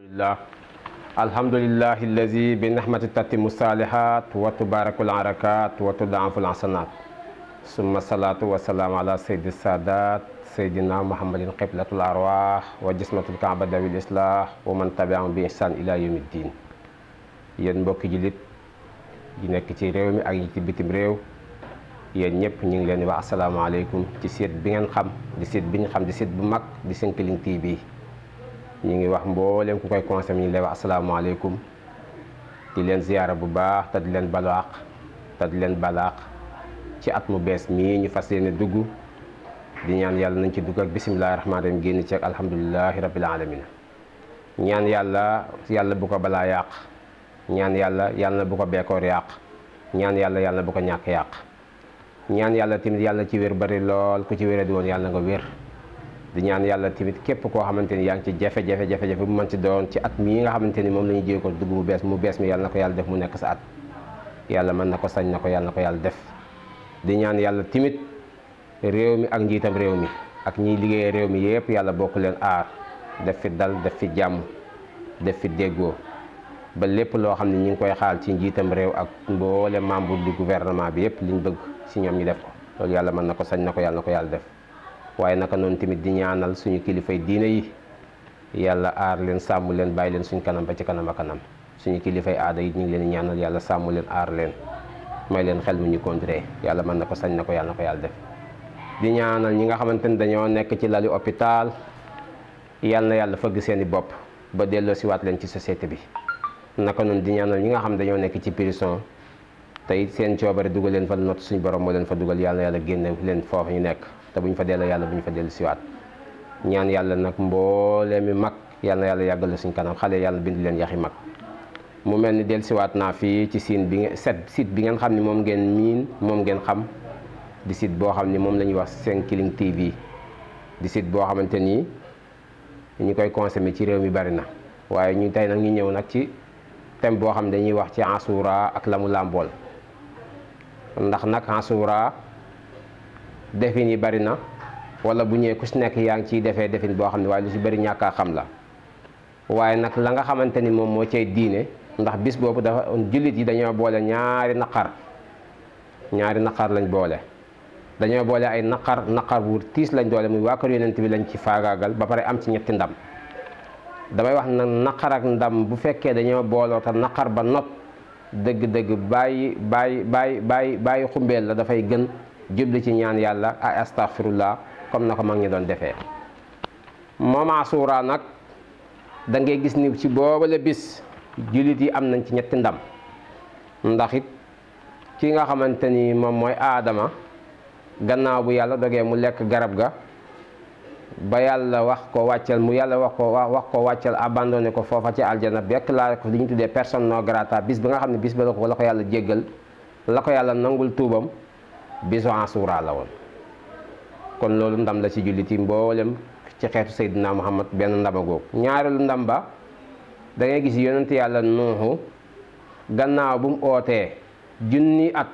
alhamdulillah alhamdulillahi allazi bi nahmati tatimu salihat wa tubarakul arakat wa tudaaful hasanat summa salaatu wasalaamu ala saydi sadat saydina muhammadin qiblatul arwah wa jismatul kaaba dawil islah wa man tabiam bi ihsan ila yawmiddin yéen mbokki jullit yi nekk ci réew mi ak yi ci bitim réew yéen ñëpp ñu ngi leen di wax asalaamaaleykum ci seet bi ngeen xam di seet bi ñu xam di seet bu mag di Senclic TV ñu ngi wax mbooleem ku koy conseil ñu lay wax asalaamaaleykum di leen ziyaara bu baax te di leen balaax te di leen balaax ci at mu bees mii ñu fas yéene dugg di ñaan yàlla nañ ci dugg ak bisimilahi rahmaani rahim génn ci ak alhamdulilahi alamin ñaan yàlla yàlla bu ko balaa yàq ñaan yàlla yàlla bu ko beekoor yàq ñaan yàlla yàlla bu ko ñàkk yàq ñaan yàlla tamit yàlla ci wér bari lool ku ci wéradi woon yàlla nga wér di ñaan yàlla tamit képp koo xamante ni yaa ngi ci jafe-jafe jafe-jafe bu mën ci doon ci at mii nga xamante ni moom la ñu jëyee ko dugg bu bees mu bees mi yàlla na ko yàlla def mu nekk sa at yàlla mën na ko sañ na ko yàlla ko yàlla def di ñaan yàlla tamit réew mi ak njiitam réew mi ak ñiy liggéeyee réew mi yëpp yàlla bokk leen aar def dal def fi jàmm def fi déggoo ba lépp loo xam ne ñu ngi koy xaal ci njiitam réew ak mboole membre du gouvernement bi yëpp liñ bëgg si ñoom ñu def ko loolu yàlla mën na ko sañ na ko yàlla na ko yàlla def waaye naka noonu tamit di ñaanal suñu kilifay diine yi yàlla aar leen sàmm leen bàyyi leen suñu kanam ba ci kanam a kanam suñu kilifay aada yi ñu ngi leen ñaanal yàlla sàmm leen aar leen may leen xel mu ñu contré yàlla mën na ko sañ na ko yàlla na ko yàlla def di ñaanal ñi nga xamante ni dañoo nekk ci lali hôpital yàlla na yàlla fëgg seeni bopp ba delloo siwaat leen ci société bi naka noonu di ñaanal ñi nga xam dañoo nekk ci prison te it seen coobare dugal leen fa not suñu borom moo leen fa dugal yàlla yàlla génne leen foofu ñu nekk te bu ñu fa delloo yàlla bu ñu fa dellu siwaat ñaan yàlla nag mboolee mi mag yàlla na yàlla yàggal suñ kanam xale yàlla bind leen yaxi mag mu mel ni dellu siwaat naa fii ci siin bi set site bi ngeen xam ni moom ngeen miin moom ngeen xam di site boo xam ni moom la ñuy wax Senclic TV di site boo xamante nii ñu koy consommer ci réew mi bari na waaye ñu tey nag ñu ñëw nag ci thème boo xam ne dañuy wax ci Achoura ak la mu làmbool ndax nag Achoura defin yi bari na wala bu ñëwee ku si nekk yaa ngi ciy defee defin boo xam ne waaye lu si bari ñàkk xam la waaye nag la nga xamante ni moom moo cay diine ndax bis boobu dafa jullit yi dañoo boole ñaari naqar ñaari naqar lañ boole dañoo boole ay naqar naqar bu tiis lañ doole muy waa yonent bi lañ ci faagaagal ba pare am ci ñetti ndam damay wax nag naqar ak ndam bu fekkee dañoo booloo te naqar ba not dëgg-dëgg bàyyi bàyyi bàyyi bàyyi bàyyi xumbeel la dafay gën jublu ci ñaan yàlla ay astaghfirullah comme na ko mag ñi doon defee moomaa suura nag da ngay gis ni ci booba la bis jullit yi am nañ ci ñetti ndam ndax it ki nga xamante ni moom mooy aadama gannaaw bu yàlla dogee mu lekk garab ga ba yàlla wax ko wàcceel mu yàlla wax ko wax ko wàccal abandonné ko foofa ci aljana bekk laa ko li ñu tuddee personne non grata bis ba nga xam ne bis ba la ko la ko yàlla jéggal la ko yàlla nangul tuubam bisu Ashura la woon kon loolu ndam la ci julliti mboolem ci xeetu Seydina Muhammad benn ndama googu ñaareelu ndam ba dangay ngay gis yonent yàlla nuuxu gannaaw bu mu ootee junni at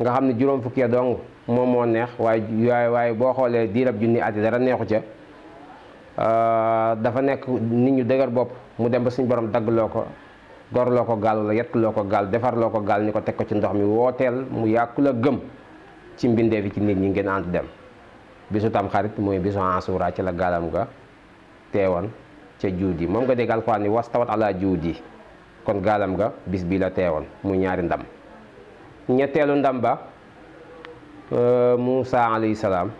nga xam ne juróom fukki ya dong moom moo neex waaye waaye boo xoolee diirab junni at yi dara neexu ca ah, dafa nekk nit ñu dëgër bopp mu dem ba suñu borom daggloo ko gor loo ko gaal wala yettloo ko gaal defarloo ko gaal ni ko teg ko ci ndox mi wooteel mu yàkku la gëm ci mbindeef yi ci nit ñi ngeen ànd dem bisu tamxarit mooy bisu ansura ci la gaalam nga teewoon ca juudi moom nga dégg alxuraan ni was tawat ala juudi kon gaalam ga bis bii la teewoon mu ñaari ndam ñetteelu ndam ba euh, Moussa alayhi salaam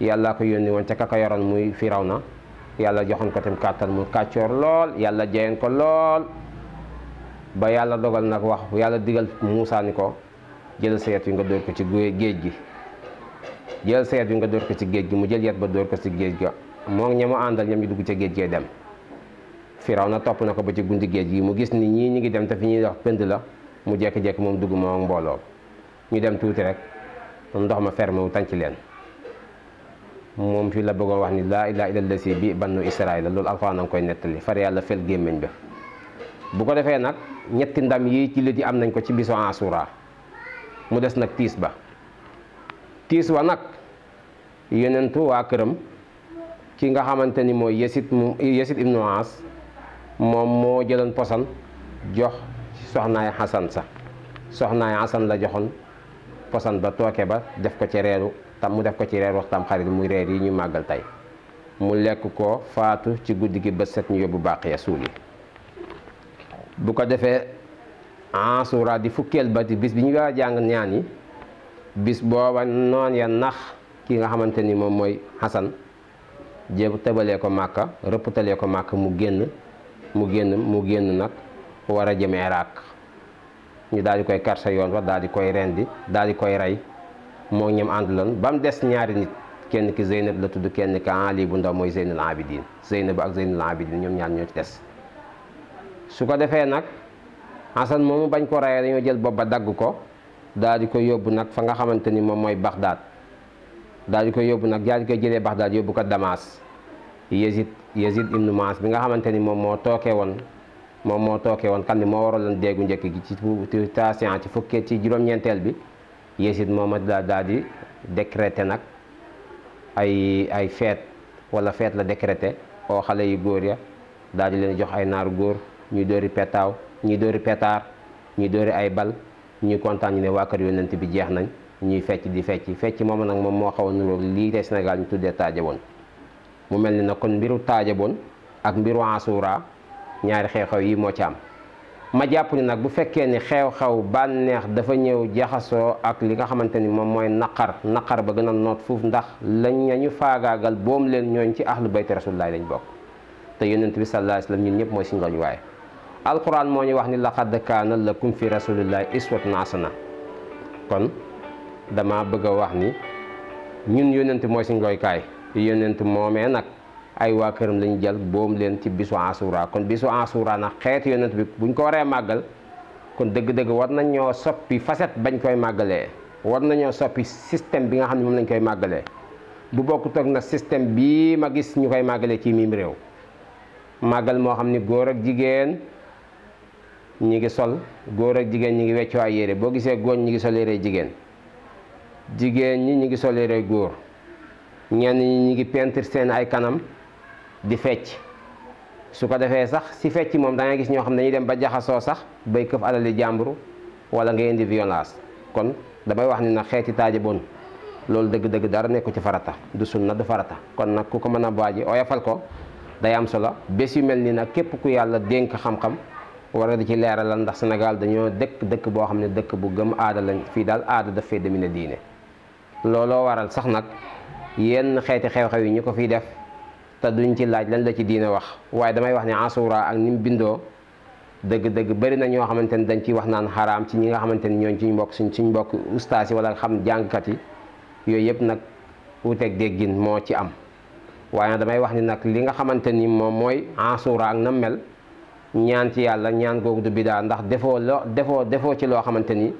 yàlla ko yónni woon ca ka ko yoroon muy na yàlla joxoon ko tam kàttan mu kàccoor lool yàlla jeyeen ko lool ba yàlla dogal nag wax yàlla digal Moussa ni ko jël sa yet wi nga dóor ko ci géej gi jël sa yet wi nga dóor ko ci géej gi mu jël yet ba dóor ko ci géej ga moo ngi ñamu àndal dugg ca géej gee dem firaw na topp na ko ba ci gundi géej gi mu gis ni ñii ñu ngi dem te fi ñuy wax pënd la mu jekki-jekki moom dugg moo mbooloo ñu dem tuuti rek ndox ma ferme wu tànc leen moom fii la bëggoon wax ni laa ilaaha illa si bi bannu israila loolu alxuraan a koy nettali far yàlla fel gémmiñ ba bu ko defee nag ñetti ndam yi ci lët am nañ ko ci bisu Ashura mu des nag tiis ba tiis wa nag yenentu waa këram ki nga xamante ni mooy yesit mu yesit ibnu Aas moom moo jëloon posan jox soxnaay xasan sa soxnaay xasan la joxoon posan ba tooke ba def ko ci reeru tam mu def ko ci reeru waxtam xarit muy reer yi ñu màggal tey mu lekk ko faatu ci guddi gi ba set ñu yóbbu bàq ya suul bu ko defee en ah, suura di fukkeel ba di bis bi ñu war jàng ñaan yi bis booba noon ya nax ki nga xamante ni moom mooy Xasan jéem tëbalee ko màkka rëpptalee ko màkka mu génn mu génn mu génn nag war a jëme Irak ñu daal di koy karsa yoon wa daal di koy rendi daal koy rey moo ñoom ànd lan ba des ñaari nit kenn ki Zeynab la tudd kenn ki Ali bu ndaw mooy Zeynul Abidin Zeynab ak Zeynul Abidin ñoom ñaar ñoo ci des su ko defee nag xasan moomu bañ ko rayee dañoo jël bopp ba dagg ko daal di ko yóbbu nag fa nga xamante ni moom mooy Baxdaad daal di ko yóbbu nag daal di koy jëlee Baxdaad yóbbu ko Damas Yezid Yezid ibnu bi nga xamante ni moom moo tookee woon moom moo tookee woon kan ni moo waroon lan déggu njëkk gi ci tasian ci fukkee ci juróom-ñeenteel bi Yezid mooma daal di décrété nag ay ay feet wala feet la décrété oo xale yi góor ya daal di leen jox ay naaru góor ñuy dóori petaaw ñuy dóori pétard ñuy dóori ay bal ñuy kontaan ñu ne waa yonent bi jeex nañ ñuy fecc di fecc fecc moom nag moom moo xaw a niróo lii tey Sénégal ñu tuddee taajaboon mu mel ni nag kon mbiru taajaboon ak mbiru Ansura ñaari xew-xew yi moo ci am ma jàpp ni nag bu fekkee ni xew-xew bànneex dafa ñëw jaxasoo ak li nga xamante ni moom mooy naqar naqar ba gën a noot foofu ndax lañ nañu faagaagal boom leen ñooñ ci ahlu bayti rasulilah lañ bokk te yonent bi sallallahu alayhi wa sallam ñun ñëpp mooy si ngooñ waaye alquran moo ñu wax ni laqad kaana lakum fi rasulillahi iswatun hasana kon dama bëgg a wax ni ñun yónnent mooy suñ roykaay yónnent moomee nag ay waa këram lañu jël boom leen ci bisu asura kon bisu asura nag xeet yónnent bi buñ ko waree màggal kon dëgg-dëgg war nañ ñoo soppi facette bañ koy màggalee war nañoo soppi système bi nga xam ne moom lañ koy màggalee bu bokkut ak na système bii ma gis ñu koy màggalee ci miim réew màggal moo xam ni góor ak jigéen ñi ngi sol góor ak jigéen ñi ngi weccoo ay yére boo gisee góor ñi ngi sol yére jigéen jigéen ñi ñi ngi sol yére góor ñenn ñi ngi peintre seen ay kanam di fecc su ko defee sax si fecc moom dangay gis ñoo xam ne dañuy dem ba jaxasoo sax bay këf alali jàmbur wala nga indi violence kon damay wax ni na xeeti taaje bon loolu dëgg-dëgg dara nekku ci farata du sunna du farata kon nag ku ko mën a baaji oyofal ko day am solo bés yu mel nii nag képp ku dénk xam wara di ci leeral lan ndax Sénégal dañoo dëkk dëkk boo xam ne dëkk bu gëm aada lañ fii daal aada daf fee demine diine looloo waral sax nag yenn xeeti xew-xew yi ñu ko fiy def te duñ ci laaj lañ la ci diine wax waaye damay wax ne Achoura ak ni mu bindoo dëgg bëri na ñoo xamante ni dañ ciy wax naan xaraam ci ñi nga xamante ni ñooñ ci mbokk suñ suñ mbokk ustaas yi wala xam jàngkat yi yooyu yëpp nag wuuteeg déggin moo ci am waaye damay wax ni nag li nga xamante ni moom mooy Achoura ak na mel ñaan ci yàlla ñaan googu du bidaa ndax defoo loo defoo defoo ci loo xamante ni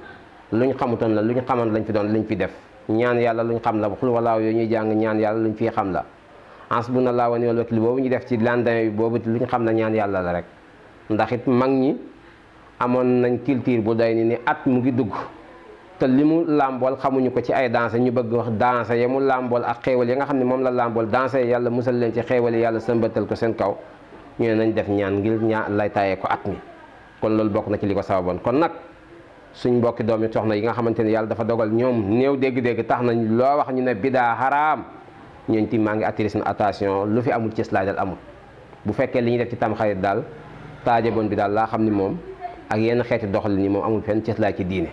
luñ xamutoon la luñ xamoon lañ fi doon lañ fi def ñaan yàlla luñ xam la xul walaaw yooyu ñuy jàng ñaan yàlla luñ fiy xam la hasbunallaahu wa ni'mal wakiil boobu ñu def ci lendemain bi boobu luñ xam la ñaan yàlla la rek ndax it mag ñi amoon nañ culture bu doy ni ni at mu ngi dugg te li mu làmbool xamuñu ko ci ay danse ñu bëgg wax danse ya mu làmbool ak xéewal ya nga xam ne moom la làmbool danse yàlla musal leen ci xéewal yàlla sëmbatal ko seen kaw ñoo ne nañ def ñaan ngir ñaa lay tayee ko at mi kon loolu bokk na ci li ko sababoon kon nag suñ mbokki doom yi soxna yi nga xamante ne yàlla dafa dogal ñoom néew dégg-dégg tax nañ loo wax ñu ne bidaa xaraam ñooñ ti maa ngi attiré seen attention lu fi amul ci daal amul bu fekkee li ñuy def ci tamxarit daal taajaboon bi daal laa xam ni moom ak yenn xeeti li yi moom amul fenn cëslaay ci diine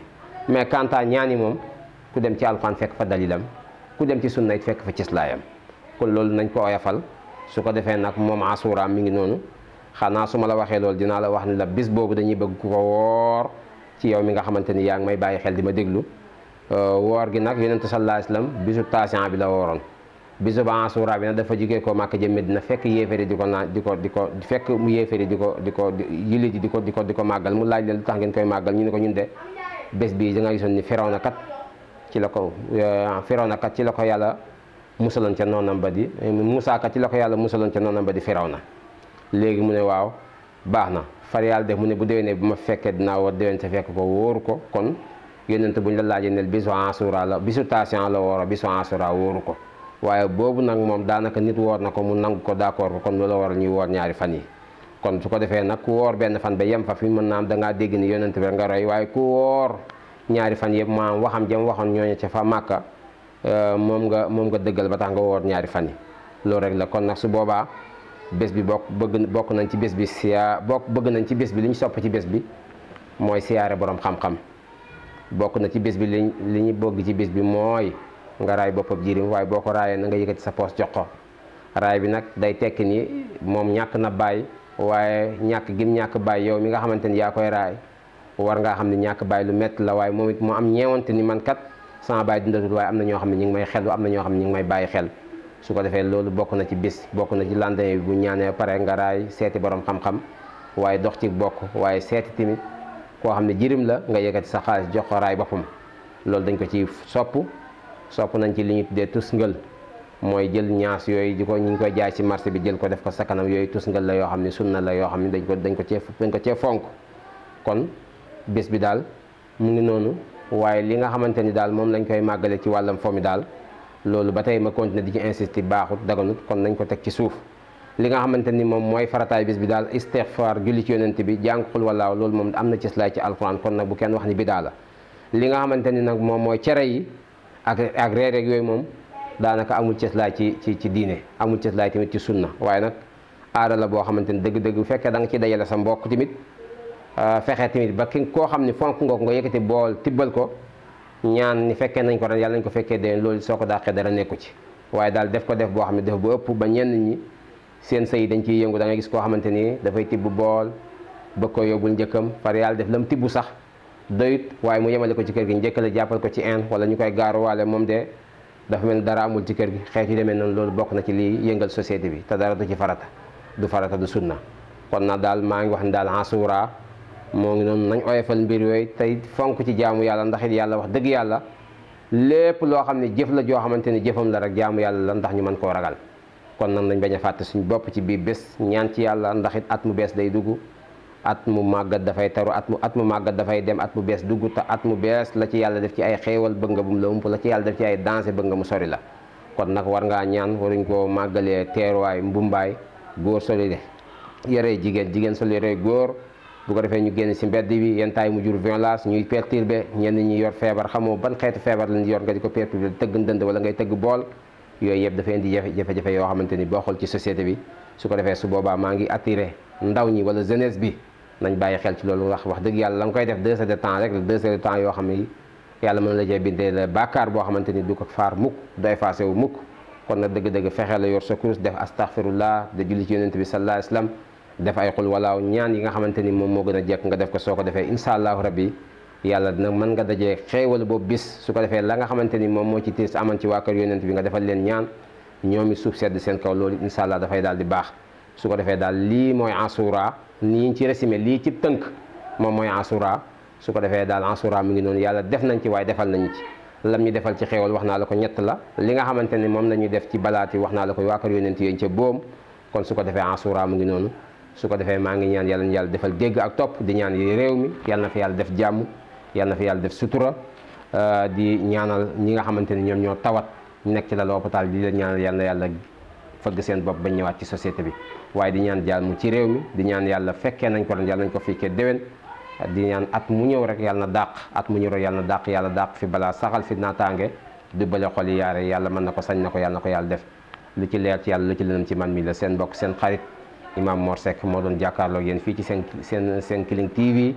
mais quant ñaan yi moom ku dem ci alxuraan fekk fa dalilam ku dem ci sunna it fekk fa cëslaayam kon loolu nañ ko oyafal su ko defee nag moom asura mi ngi noonu xanaa su ma la waxee loolu dinaa la wax ni la bis boobu dañuy bëgg ko woor ci yow mi nga xamante ni yaa ngi may bàyyi xel di ma déglu euh, woor gi nag yonente sallallahu alayhi wasallam bisu taasiyan bi la wooroon bisu ba asura bi nag dafa jógee koo Màkka jëm Medina fekk yéeféri di ko naan di ko di ko fekk mu yéeféri di ko di ko yiliti di ko di ko di ko màggal mu laaj leen lu tax ngeen koy màggal ñu ne ko ñun de bés bii da nga gisoon ni na kat ci la ko euh, Firawna kat ci la ko yàlla musaloon ca noonam ba di eh, Moussa Ka ci la ko yàlla musaloon ca noonam ba di Firawna léegi mu ne waaw baax na far yàlla def mu ne bu déwénee bu ma fekkee dinaa war déwén te fekk ko wóoru ko kon yonent bu ñu la laajee nel bisu ansura la bisu taasiyan la woor bisu ansura wóoru ko waaye boobu nag moom daanaka nit woor na ko mu nangu ko d'accord ko kon loolu waral ñuy woor ñaari fan yi kon su ko defee nag ku woor benn fan ba yem fa fi mën naa am da ngaa dégg ni yonent bi nga roy waaye ku woor ñaari fan yëpp maam waxam jëm waxoon ñooñu ca fa màkka Euh, moom nga moom nga dëggal ba tax nga woor ñaari fan yi loolu rek la kon nag su boobaa bés bi bokk bëgg bokk nañ ci bés bi siyaa bokk bëgg nañ ci bés bi li ñu sopp ci bés bi mooy siyaare borom xam bokk na ci bés bi liñ li ñu bëgg ci bés bi mooy nga raay boppam jirim waaye boo ko raayee na nga yëkkati sa poos jox ko raay bi nag day tekki ni moom ñàkk na baay waaye ñàkk gim ñàkk baay yow mi nga xamante ni yaa koy raay war ngaa xam ne ñàkk baay lu métti la waaye moom it mu am ñeewante ni man kat sama baay dundatul waaye am na ñoo xam ne ñu ngi may xelu am na ñoo xam bàyyi xel su ko defee loolu bokk na ci bis bokk na ci lendemain bi bu ñaanee pare nga raay seeti borom xam-xam waaye dox ci bokk waaye seeti tamit koo xam ne jirim la nga yëkkati sa xaalis jox ko raay boppam loolu dañ ko ci sopp sopp nañ ci li ñu tuddee tusngal mooy jël ñaas yooyu di ko ñu ngi koy jaay ci marché bi jël ko def ko sa kanam yooyu tusngal la yoo xam ne sunna la yoo xam ne dañ ko dañ ko cee dañ ko cee fonk kon bis bi daal mu ngi noonu waaye li nga xamante ni daal moom lañ koy màggale ci wàllam fo mi daal loolu ba tey ma continuer di ci insister baaxut daganut kon nañ ko teg ci suuf li nga xamante ni moom mooy farataay bis bi daal istixfaar julli ci yonent bi jàng xul walaaw loolu moom am na ci laay ci alquran kon nag bu kenn wax ni bidaa la li nga xamante ni nag moom mooy cere yi ak ak reer yooyu moom daanaka amul cëslaay ci ci ci diine amul cëslaay tamit ci sunna waaye nag aada boo xamante ni dëgg-dëgg bu fekkee da nga ci dajale sa mbokk tamit Euh, fexe tamit ba ki koo xam ne fonk nga ko nga yëkkati bool tibbal ko ñaan ni fekkee nañ ko ren yàlla nañ ko fekkee de loolu soo ko dàqee dara nekku ci waaye daal def ko def boo xam ne def bu ëpp ba ñenn ñi seen sëy dañ ciy yëngu da ngay gis koo xamante ni dafay tibb bool bëgg ko yóbbul njëkkam par yàlla def lam tibb sax doyut waaye mu yemale ko ci kër gi njëkkale jàppal ko ci inde wala ñu koy gaaruwaale moom de dafa mel ni dara amul ci kër gi xeet yi demee noonu loolu bokk na ci li yëngal société bi te dara du ci farata du farata du sunna na moo ngi noonu nañ oyofal mbir yooyu tey fonk ci jaamu yàlla ndaxit yàlla wax dëgg yàlla lépp loo xam ne jëf la joo xamante ne jëfam la rek jaamu yàlla la ndax ñu mën koo ragal kon nag nañ bañ a fàtte suñ bopp ci biir bés ñaan ci yàlla ndax it mu bees day dugg at mu màggat dafay taru at mu at mu màggat dafay dem at mu bees dugg te at mu bees la ci yàlla def ci ay xéewal bëgg nga bum la ci yàlla def ci ay danse bëgg nga mu sori la kon nag war ngaa ñaan waruñ koo màggalee teeruwaay mbumbaay góor soli yore jigéen jigéen soli yore góor bu ko defee ñu génn si mbedd bi yenn taay mu jur violence ñuy perturbé ñenn ñi yor feebar xamoo ban xeetu feebar lañ yor nga di ko perturbé tëgg ndënd wala ngay tëgg bool yooyu yëpp dafa indi jafe-jafe yoo xamante ni boo xool ci société bi su ko defee su boobaa maa ngi attiré ndaw ñi wala jeunesse bi nañ bàyyi xel ci loolu wax wax dëgg yàlla la koy def deux heures de temps rek la deux heures de temps yoo xam ne yàlla mën la cee bindee la bàkkaar boo xamante ni du ko faar mukk du effacé wu mukk kon nag dëgg-dëgg fexe la yor sa kurus def astaghfirullah da julli ci yonent bi sallallahu alayhi wasallam def ay xul walaaw ñaan yi nga xamante ni moom moo gën a jekk nga def ko soo ko defee incha allahu rabbi yàlla dina mën nga dajee xéewal boobu bis su ko defee la nga xamante ni moom moo ci tiis aman ci waa kër yonent bi nga defal leen ñaan ñoom it suuf sedd seen kaw loolu incha allah dafay daal di baax su ko defee daal lii mooy asura nii ci résumé lii ci tënk moom mooy asura su ko defee daal asura mu ngi noonu yàlla def nañ ci waaye defal nañ ci lam ñu defal ci xéewal wax naa la ko ñett la li nga xamante ni moom la ñuy def ci balaati wax naa la ko waa kër yonent yéen ca boom kon su ko defee asura mu ngi noonu su ko defee maa ngi ñaan yàlla na defal dégg ak topp di ñaan yi réew mi yàlla na fi yàlla def jàmm yàlla na fi yàlla def sutura euh, di ñaanal ñi nga xamante ni ñoom ñoo tawat ñu nekk ci la lopitaal bi di leen ñaanal yàlla yàlla fëgg seen bopp ba ñëwaat ci société bi waaye di ñaan jàmm ci réew mi di ñaan yàlla fekkee nañ ko ren yàlla nañ ko fekkee déwén di ñaan at mu ñëw rek yàlla na dàq at mu ñëw yàlla na dàq yàlla dàq fi balaa saxal fi naataange du bale xol yi yaare yàlla mën na ko sañ na ko yàlla na ko yàlla def lu ci leer ci yàlla lu ci lënam ci man mii la seen mbokk seen xarit imam Mor Seck moo doon jàkkaarloog yéen fii ci seen seen Senclic TV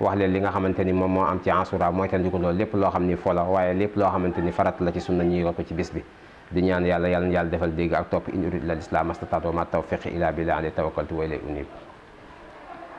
wax leen li nga xamante ni moom moo am ci Ansura mooy tandiku loolu lépp loo xam ni fo la waaye lépp loo xamante ni farat la ci sunna ñuy rottu ci bis bi di ñaan yàlla yàlla defal dégg ak topp in urid illa l islam astataatu ma tawfiqi ila billah alayhi tawakkaltu wa ilayhi unib